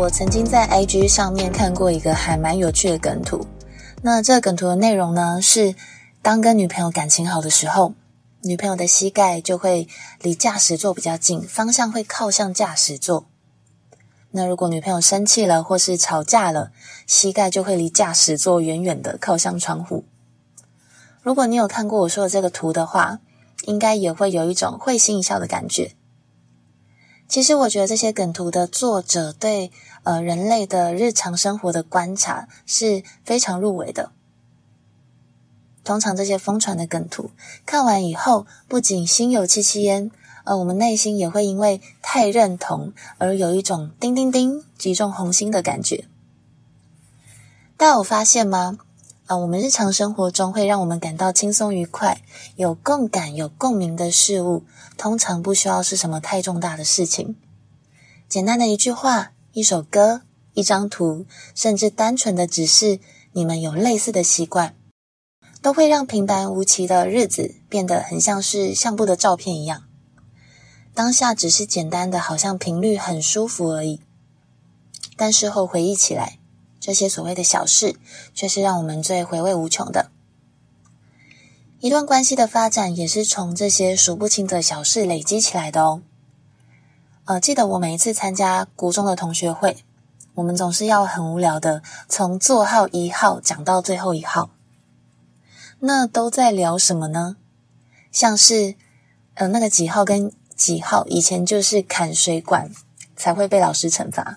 我曾經在 IG 上面看過一個還蠻有趣的梗圖，那這個梗圖的內容呢是，當跟女朋友感情好的時候，女朋友的膝蓋就會離駕駛座比較近，方向會靠向駕駛座；那如果女朋友生氣了或是吵架了，膝蓋就會離駕駛座遠遠的靠向窗戶。如果你有看過我說的這個圖的話，應該也會有一種會心一笑的感覺。其實我覺得這些梗圖的作者對呃，人類的日常生活的觀察是非常入微的。通常這些瘋傳的梗圖看完以後，不僅心有戚戚焉，呃，我們內心也會因為太認同而有一種“叮叮叮”擊中紅心的感覺。但我發現嗎？啊，我們日常生活中會讓我們感到輕鬆愉快、有共感、有共鳴的事物，通常不需要是什麼太重大的事情。簡單的一句話、一首歌、一張圖，甚至單純的只是你們有類似的習慣，都會讓平凡無奇的日子變得很像是相簿的照片一樣。當下只是簡單的，好像頻率很舒服而已，但事後回憶起來，這些所謂的小事，卻是讓我們最回味無窮的。一段關係的發展，也是從這些數不清的小事累積起來的哦。呃，記得我每一次參加國中的同學會，我們總是要很無聊的從座號一號講到最後一號。那都在聊什麼呢？像是，呃，那個幾號跟幾號以前就是砍水管才會被老師懲罰，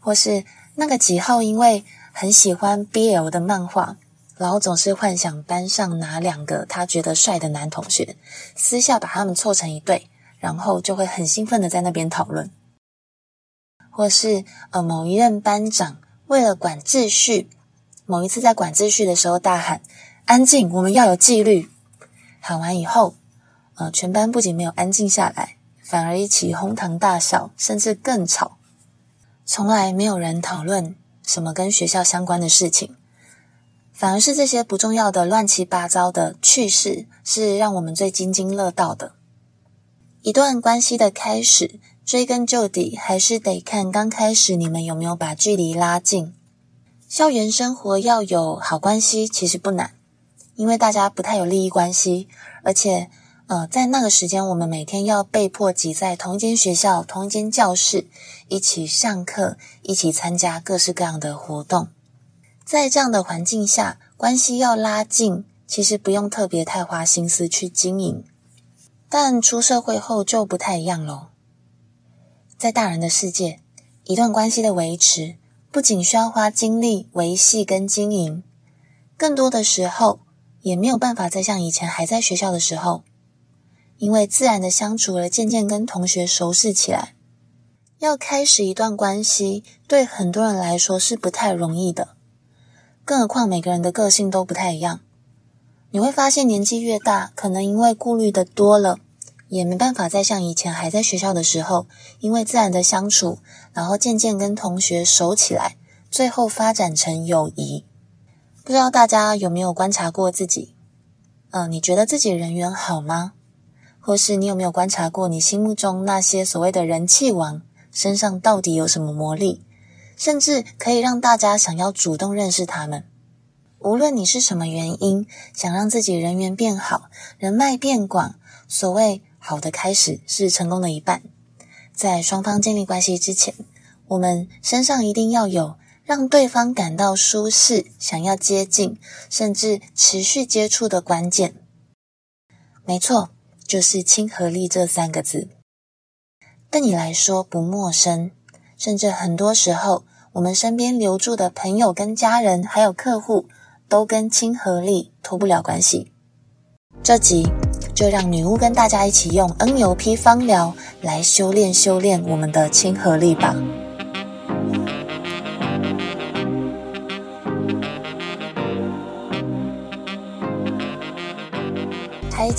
或是。那個幾號，因為很喜歡 BL 的漫畫，然後總是幻想班上哪兩個他覺得帥的男同學，私下把他們湊成一對，然後就會很興奮的在那邊討論。或是呃，某一任班長為了管秩序，某一次在管秩序的時候大喊“安靜，我們要有紀律”，喊完以後，呃，全班不僅沒有安靜下來，反而一起哄堂大笑，甚至更吵。從來沒有人討論什麼跟學校相關的事情，反而是這些不重要的、亂七八糟的趣事，是讓我們最津津樂道的。一段關係的開始，追根究底，還是得看剛開始你們有沒有把距離拉近。校園生活要有好關係，其實不難，因為大家不太有利益關係，而且。呃，在那個時間，我們每天要被迫擠在同一間學校、同一間教室，一起上課，一起參加各式各樣的活動。在這樣的環境下，關係要拉近，其實不用特別太花心思去經營。但出社會後就不太一樣嘍。在大人的世界，一段關係的維持，不僅需要花精力維繫跟經營，更多的時候，也沒有辦法再像以前還在學校的時候。因為自然的相處而漸漸跟同學熟識起來。要開始一段關係，對很多人來說是不太容易的，更何況每個人的個性都不太一樣。你會發現，年紀越大，可能因為顧慮的多了，也沒辦法再像以前還在學校的時候，因為自然的相處，然後漸漸跟同學熟起來，最後發展成友誼。不知道大家有沒有觀察過自己？嗯、呃，你覺得自己人緣好嗎？或是你有沒有觀察過，你心目中那些所謂的人氣王身上到底有什麼魔力，甚至可以讓大家想要主動認識他們？無論你是什麼原因，想讓自己人緣變好、人脈變廣，所謂好的開始是成功的一半。在雙方建立關係之前，我們身上一定要有讓對方感到舒適、想要接近，甚至持續接觸的關鍵。沒錯。就是親和力這三個字，對你來說不陌生，甚至很多時候，我們身邊留住的朋友、跟家人還有客戶，都跟親和力脫不了關係。這集就讓女巫跟大家一起用 NLP 芳療來修煉修煉我們的親和力吧。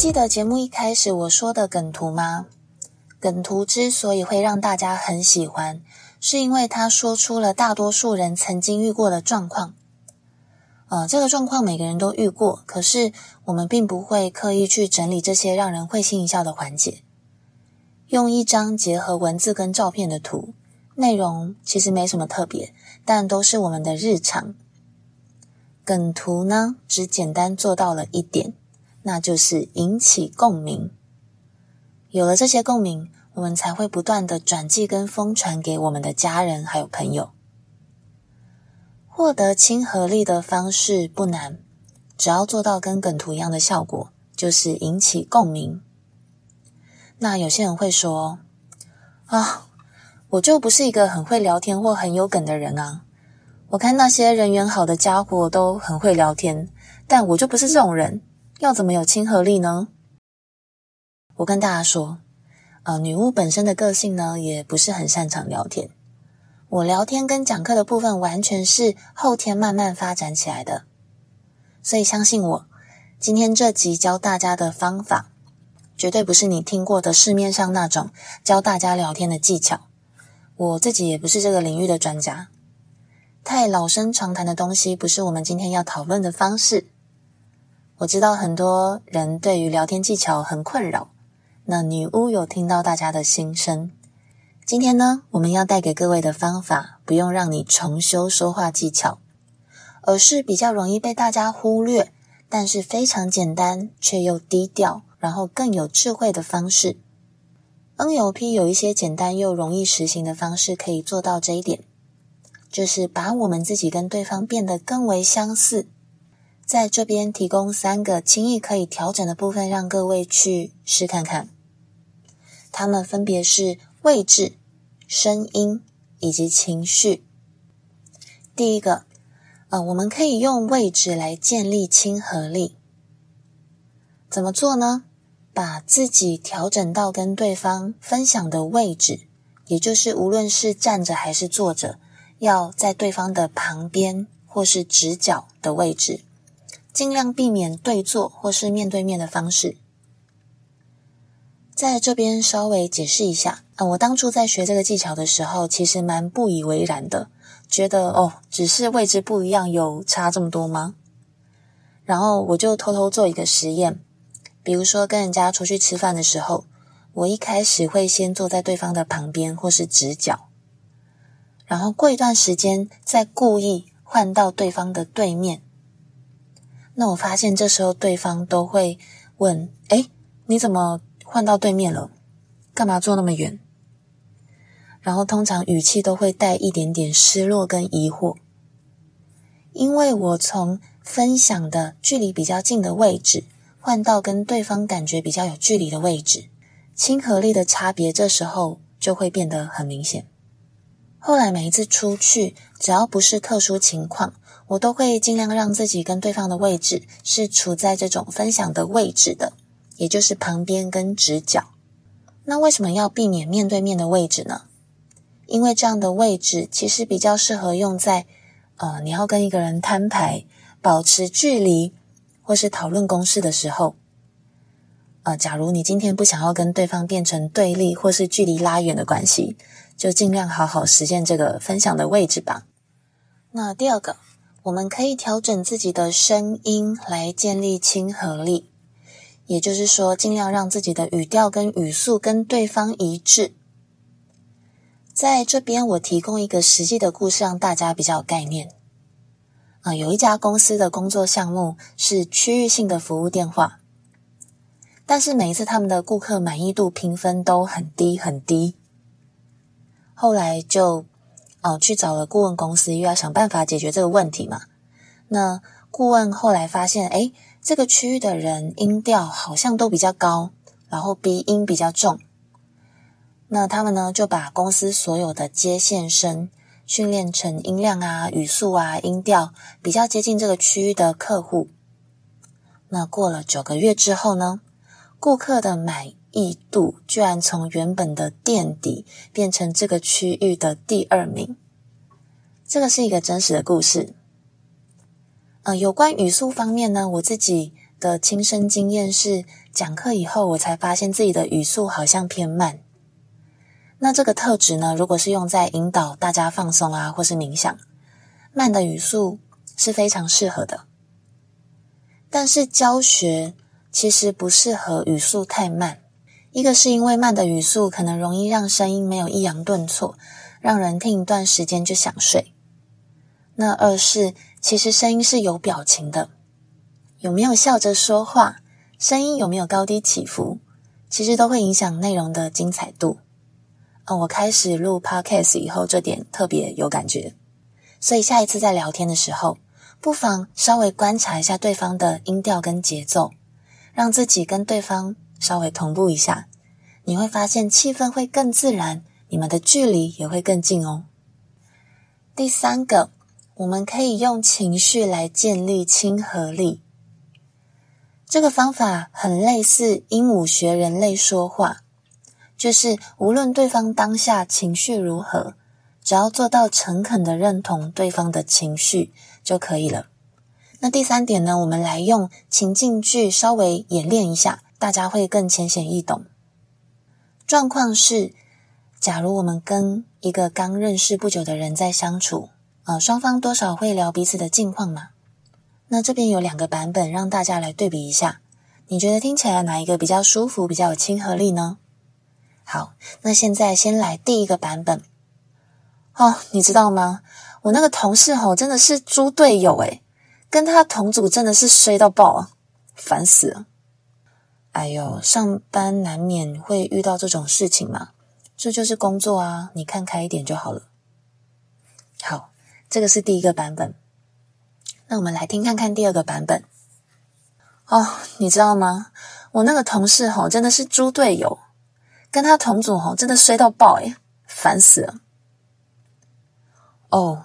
記得節目一開始我說的梗圖嗎？梗圖之所以會讓大家很喜歡，是因為他說出了大多數人曾經遇過的狀況。呃，這個狀況每個人都遇過，可是我們並不會刻意去整理這些讓人會心一笑的環節。用一張結合文字跟照片的圖，內容其實沒什麼特別，但都是我們的日常。梗圖呢，只簡單做到了一點。那就是引起共鳴。有了這些共鳴，我們才會不斷的轉寄跟瘋傳給我們的家人還有朋友。獲得親和力的方式不難，只要做到跟梗圖一樣的效果，就是引起共鳴。那有些人會說：“啊、哦，我就不是一個很會聊天或很有梗的人啊。我看那些人緣好的家伙都很會聊天，但我就不是這種人。”要怎麼有親和力呢？我跟大家說，呃，女巫本身的個性呢，也不是很擅長聊天。我聊天跟講課的部分，完全是後天慢慢發展起來的。所以相信我，今天這集教大家的方法，絕對不是你聽過的市面上那種教大家聊天的技巧。我自己也不是這個領域的專家，太老生常談的東西，不是我們今天要討論的方式。我知道很多人對於聊天技巧很困擾，那女巫有聽到大家的心聲。今天呢，我們要帶給各位的方法，不用讓你重修說話技巧，而是比較容易被大家忽略，但是非常簡單卻又低調，然後更有智慧的方式。NLP 有一些簡單又容易實行的方式可以做到這一點，就是把我們自己跟對方變得更為相似。在這邊提供三個輕易可以調整的部分，讓各位去試看看。他們分別是位置、聲音以及情緒。第一個，呃，我們可以用位置來建立親和力。怎麼做呢？把自己調整到跟對方分享的位置，也就是無論是站着還是坐着，要在對方的旁邊或是直角的位置。盡量避免對坐或是面對面的方式。在這邊稍微解釋一下嗯、啊，我當初在學這個技巧的時候，其實蠻不以為然的，覺得哦，只是位置不一樣，有差這麼多嗎？然後我就偷偷做一個實驗，比如說跟人家出去吃飯的時候，我一開始會先坐在對方的旁邊或是直角，然後過一段時間再故意換到對方的對面。那我發現，這時候對方都會問：“誒，你怎麼換到對面了？幹嘛坐那麼遠？”然後通常語氣都會帶一點點失落跟疑惑，因為我從分享的距離比較近的位置換到跟對方感覺比較有距離的位置，親和力的差別這時候就會變得很明顯。後來每一次出去，只要不是特殊情況。我都會盡量讓自己跟對方的位置是處在這種分享的位置的，也就是旁邊跟直角。那為什麼要避免面對面的位置呢？因為這樣的位置其實比較適合用在，呃，你要跟一個人攤牌、保持距離或是討論公事的時候。呃，假如你今天不想要跟對方變成對立或是距離拉遠的關係，就盡量好好實現這個分享的位置吧。那第二個。我們可以調整自己的聲音來建立親和力，也就是說，儘量讓自己的語調跟語速跟對方一致。在這邊，我提供一個實際的故事讓大家比較有概念。啊、呃，有一家公司的工作項目是區域性的服務電話，但是每一次他們的顧客滿意度評分都很低很低。後來就。哦，去找了顧問公司，又要想辦法解決這個問題嘛。那顧問後來發現，哎，這個區域的人音調好像都比較高，然後鼻音比較重。那他們呢，就把公司所有的接線生訓練成音量啊、語速啊、音調比較接近這個區域的客戶。那過了九個月之後呢，顧客的買。一度居然從原本的墊底變成這個區域的第二名，這個是一個真實的故事。呃，有關語速方面呢，我自己的親身經驗是，講課以後我才發現自己的語速好像偏慢。那這個特質呢，如果是用在引導大家放鬆啊，或是冥想，慢的語速是非常適合的。但是教學其實不適合語速太慢。一個是因為慢的語速可能容易讓聲音沒有抑揚頓挫，讓人聽一段時間就想睡。那二是其實聲音是有表情的，有沒有笑着說話，聲音有沒有高低起伏，其實都會影響內容的精彩度。啊、嗯，我開始錄 podcast 以後，這點特別有感覺，所以下一次在聊天的時候，不妨稍微觀察一下對方的音調跟節奏，讓自己跟對方稍微同步一下，你會發現氣氛會更自然，你們的距離也會更近哦。第三個，我們可以用情緒來建立親和力，這個方法很類似鸚鵡學人類說話，就是無論對方當下情緒如何，只要做到誠懇的認同對方的情緒就可以了。那第三點呢，我們來用情境句稍微演練一下。大家會更淺顯易懂。狀況是，假如我們跟一個剛認識不久的人在相處，呃，雙方多少會聊彼此的近況嘛。那這邊有兩個版本，讓大家來對比一下，你覺得聽起來哪一個比較舒服，比較有親和力呢？好，那現在先來第一個版本。哦，你知道嗎？我那個同事吼，真的是豬隊友誒，跟他同組真的是衰到爆啊，煩死了。哎呦，上班難免會遇到這種事情嘛，這就是工作啊，你看開一點就好了。好，這個是第一個版本。那我們來聽看看第二個版本。哦，你知道嗎？我那個同事吼，真的是豬隊友，跟他同組吼，真的衰到爆誒，煩死了。哦，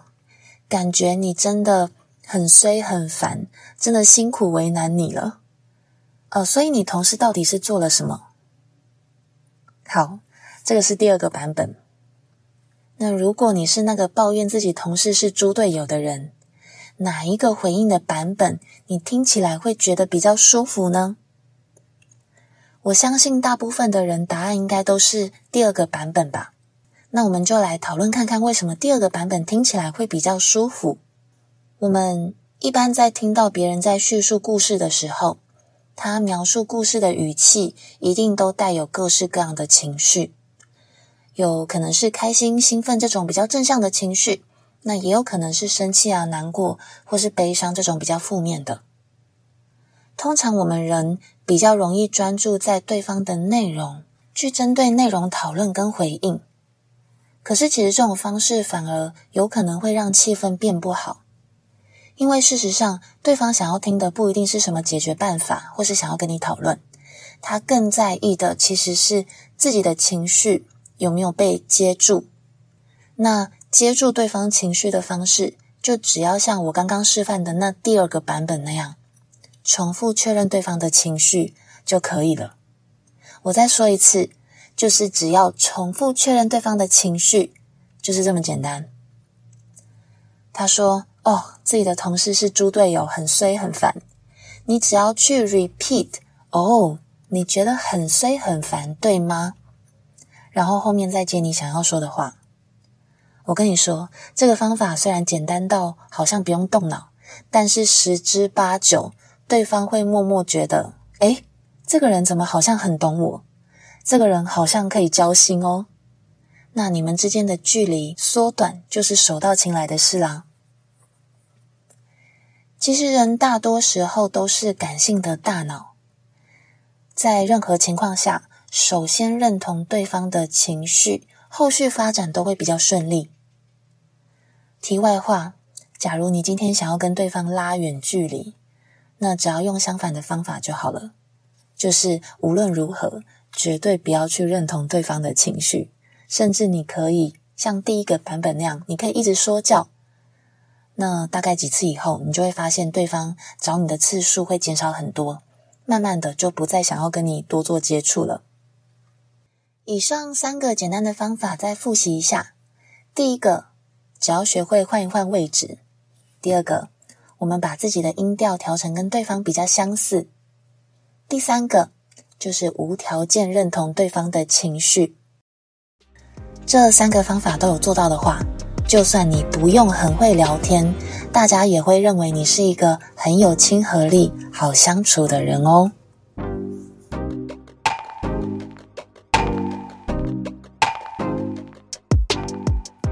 感覺你真的很衰很煩，真的辛苦為難你了。哦，所以你同事到底是做了什麼？好，這個是第二個版本。那如果你是那個抱怨自己同事是豬隊友的人，哪一個回應的版本你聽起來會覺得比較舒服呢？我相信大部分的人答案應該都是第二個版本吧。那我們就來討論看看，為什麼第二個版本聽起來會比較舒服。我們一般在聽到別人在敘述故事的時候，他描述故事的語氣，一定都帶有各式各樣的情緒，有可能是開心、興奮這種比較正向的情緒，那也有可能是生氣啊、難過或是悲傷這種比較負面的。通常我們人比較容易專注在對方的內容，去針對內容討論跟回應，可是其實這種方式反而有可能會讓氣氛變不好。因為事實上，對方想要聽的不一定是什麼解決辦法，或是想要跟你討論，他更在意的其實是自己的情緒有沒有被接住。那接住對方情緒的方式，就只要像我剛剛示範的那第二個版本那樣，重複確認對方的情緒就可以了。我再說一次，就是只要重複確認對方的情緒，就是這麼簡單。他說。哦，自己的同事是豬隊友，很衰很煩。你只要去 repeat 哦，你覺得很衰很煩，對嗎？然後後面再接你想要說的話。我跟你說，這個方法雖然簡單到好像不用動腦，但是十之八九，對方會默默覺得，哎，這個人怎麼好像很懂我？這個人好像可以交心哦。那你們之間的距離縮短，就是手到擒來的事啦。其實人大多時候都是感性的大腦，在任何情況下，首先認同對方的情緒，後續發展都會比較順利。題外話，假如你今天想要跟對方拉遠距離，那只要用相反的方法就好了，就是無論如何，絕對不要去認同對方的情緒，甚至你可以像第一個版本那樣，你可以一直說教。那大概幾次以後，你就會發現對方找你的次數會減少很多，慢慢的就不再想要跟你多做接觸了。以上三個簡單的方法，再複習一下：第一個，只要學會換一換位置；第二個，我們把自己的音調調成跟對方比較相似；第三個，就是無條件認同對方的情緒。這三個方法都有做到的話。就算你不用很會聊天，大家也會認為你是一個很有親和力、好相處的人哦。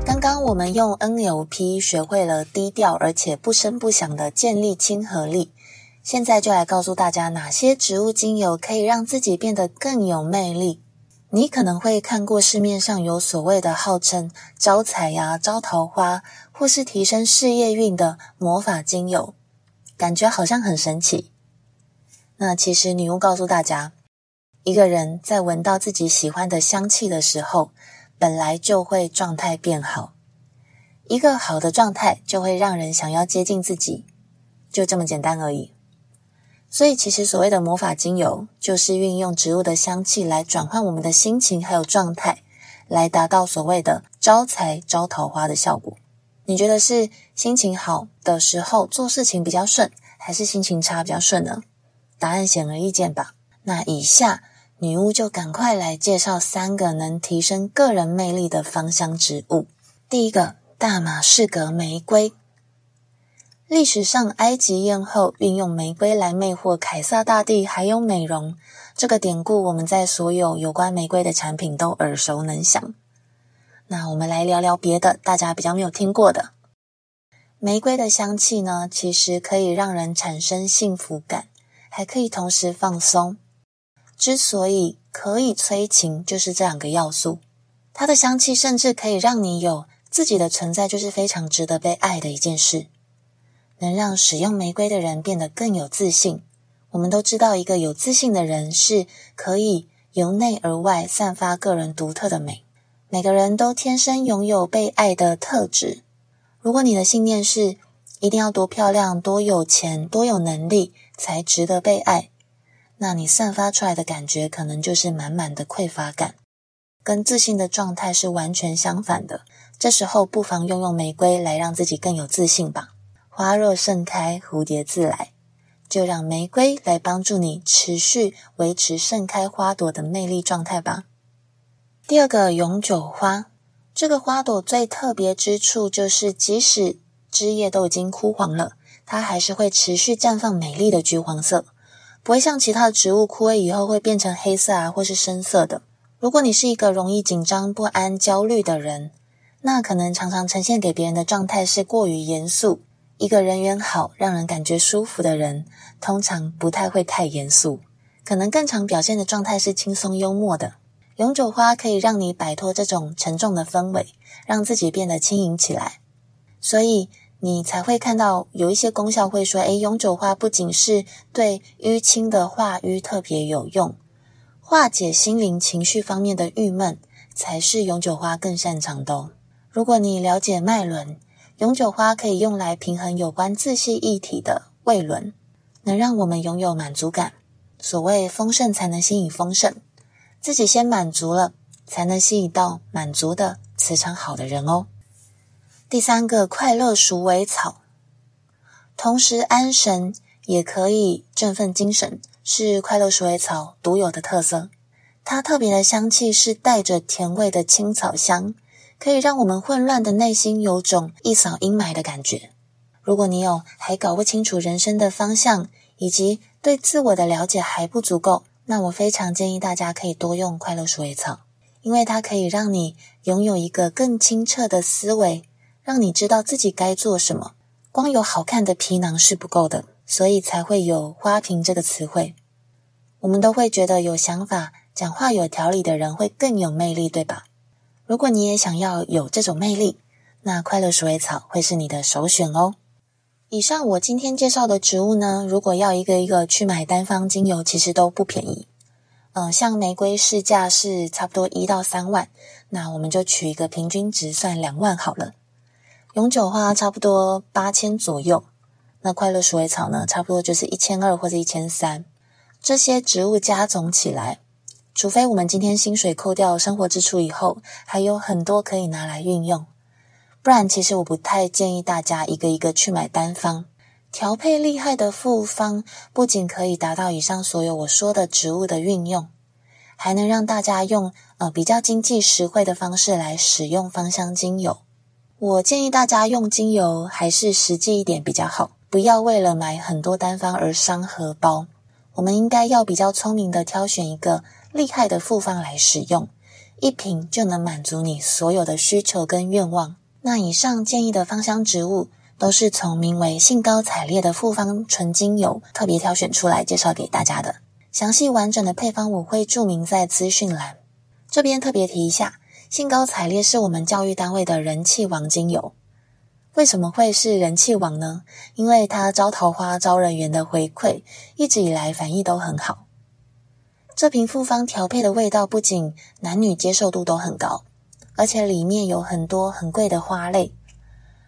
剛剛我們用 NLP 學會了低調而且不聲不響的建立親和力，現在就來告訴大家哪些植物精油可以讓自己變得更有魅力。你可能會看過市面上有所謂的號稱招財呀、招桃花，或是提升事業運的魔法精油，感覺好像很神奇。那其實，女巫告訴大家，一個人在聞到自己喜歡的香氣的時候，本來就會狀態變好。一個好的狀態就會讓人想要接近自己，就這麼簡單而已。所以，其實所謂的魔法精油，就是運用植物的香氣來轉換我們的心情，還有狀態，來達到所謂的招財、招桃花的效果。你覺得是心情好的時候做事情比較順，還是心情差比較順呢？答案顯而易見吧？那以下女巫就趕快來介紹三個能提升個人魅力的芳香植物。第一個，大馬士革玫瑰。歷史上，埃及豔後運用玫瑰來魅惑凱撒大帝，還有美容。這個典故，我們在所有有關玫瑰的產品都耳熟能詳。那我們來聊聊別的，大家比較沒有聽過的。玫瑰的香氣呢，其實可以讓人產生幸福感，還可以同時放鬆。之所以可以催情，就是這兩個要素。它的香氣甚至可以讓你有自己的存在，就是非常值得被愛的一件事。能讓使用玫瑰的人變得更有自信。我們都知道，一個有自信的人是可以由內而外散發個人獨特的美。每個人都天生擁有被愛的特質。如果你的信念是一定要多漂亮、多有錢、多有能力才值得被愛，那你散發出來的感覺可能就是滿滿的匱乏感，跟自信的狀態是完全相反的。這時候不妨用用玫瑰來讓自己更有自信吧。花若盛開，蝴蝶自來。就讓玫瑰來幫助你持續維持盛開花朵的魅力狀態吧。第二個永久花，這個花朵最特別之處就是，即使枝葉都已經枯黃了，它還是會持續綻放美麗的橘黃色，不會像其他的植物枯萎以後會變成黑色啊，或是深色的。如果你是一個容易緊張、不安、焦慮的人，那可能常常呈現給別人的狀態是過於嚴肅。一個人緣好、讓人感覺舒服的人，通常不太會太嚴肅，可能更常表現的狀態是輕鬆幽默的。永久花可以讓你擺脫這種沉重的氛圍，讓自己變得輕盈起來。所以你才會看到有一些功效會說：誒，永久花不僅是對淤青的化瘀特別有用，化解心靈情緒方面的鬱悶才是永久花更擅長的哦。如果你了解脈輪。永久花可以用來平衡有關自信議題的胃輪，能讓我們擁有滿足感。所謂豐盛才能吸引豐盛，自己先滿足了，才能吸引到滿足的磁場好的人哦。第三個快樂鼠尾草，同時安神也可以振奮精神，是快樂鼠尾草獨有的特色。它特別的香氣是帶着甜味的青草香。可以讓我們混亂的內心有種一掃陰霾的感覺。如果你有還搞不清楚人生的方向，以及對自我的了解還不足夠，那我非常建議大家可以多用快樂鼠尾草，因為它可以讓你擁有一個更清澈的思維，讓你知道自己該做什麼。光有好看的皮囊是不夠的，所以才會有花瓶這個詞彙。我們都會覺得有想法、講話有條理的人會更有魅力，對吧？如果你也想要有這種魅力，那快樂鼠尾草會是你的首選哦。以上我今天介紹的植物呢，如果要一個一個去買單方精油，其實都不便宜。嗯、呃，像玫瑰市價是差不多一到三萬，那我們就取一個平均值，算兩萬好了。永久花差不多八千左右，那快樂鼠尾草呢，差不多就是一千二或者一千三。這些植物加總起來，除非我們今天薪水扣掉生活支出以後還有很多可以拿來運用，不然其實我不太建議大家一個一個去買單方，調配厲害的複方，不僅可以達到以上所有我說的植物的運用，還能讓大家用呃比較經濟實惠的方式來使用芳香精油。我建議大家用精油還是實際一點比較好，不要為了買很多單方而傷荷包。我們應該要比較聰明的挑選一個，厲害的複方來使用，一瓶就能滿足你所有的需求跟願望。那以上建議的芳香植物都是從名為“興高采烈”的複方純精油特別挑選出來介紹給大家的。詳細完整的配方我會註明在資訊欄。這邊特別提一下，“興高采烈”是我們教育單位的人氣王精油。為什麼會是人氣王呢？因為它招桃花、招人緣的回饋，一直以來反應都很好。這瓶複方調配的味道不僅男女接受度都很高，而且裡面有很多很貴的花類。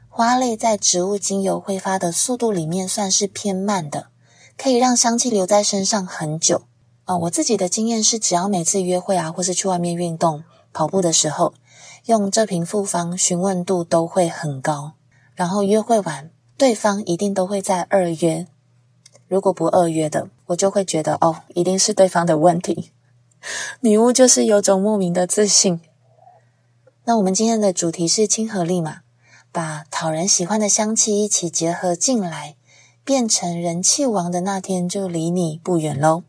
花類在植物精油揮發的速度裡面算是偏慢的，可以讓香氣留在身上很久。啊、呃，我自己的經驗是，只要每次約會啊，或是去外面運動、跑步的時候，用這瓶複方，詢問度都會很高。然後約會完，對方一定都會再二約。如果不二約的。我就會覺得哦，一定是對方的問題。女巫就是有種莫名的自信。那我們今天的主題是親和力嘛，把討人喜歡的香氣一起結合進來，變成人氣王的那天就離你不遠嘍。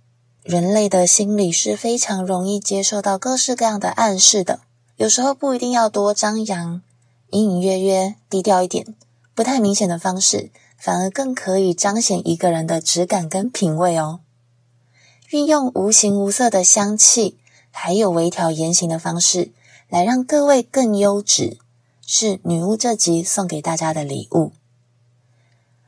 人類的心理是非常容易接受到各式各樣的暗示的，有時候不一定要多張揚，隱隱約約低調一點，不太明顯的方式。反而更可以彰顯一個人的質感跟品味哦。運用無形無色的香氣，還有微調言行的方式，來讓各位更優質，是女巫這集送給大家的禮物。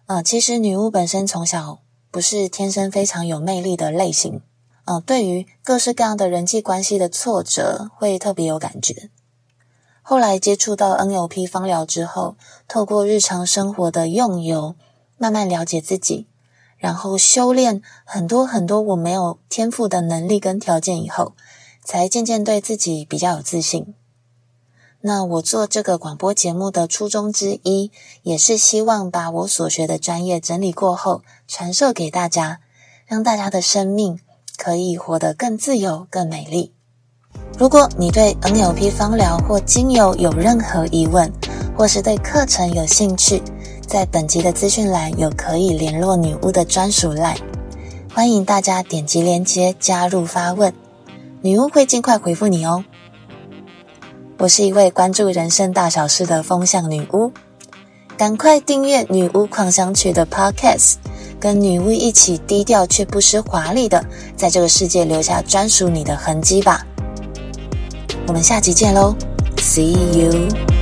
呃，其實女巫本身從小不是天生非常有魅力的類型，呃，對於各式各樣的人際關係的挫折，會特別有感覺。後來接觸到 NLP 芳療之後，透過日常生活的用油，慢慢了解自己，然後修煉很多很多我沒有天賦的能力跟條件以後，才漸漸對自己比較有自信。那我做這個廣播節目的初衷之一，也是希望把我所學的專業整理過後，傳授給大家，讓大家的生命可以活得更自由、更美麗。如果你對 NLP 芳療或精油有任何疑問，或是對課程有興趣，在本集的資訊欄有可以聯絡女巫的專屬 LINE，歡迎大家點擊鏈接加入發問，女巫會盡快回復你哦。我是一位關注人生大小事的風象女巫，趕快訂閱《女巫狂想曲》的 Podcast，跟女巫一起低調卻不失華麗的，在這個世界留下專屬你的痕跡吧。我們下集見嘍，See you。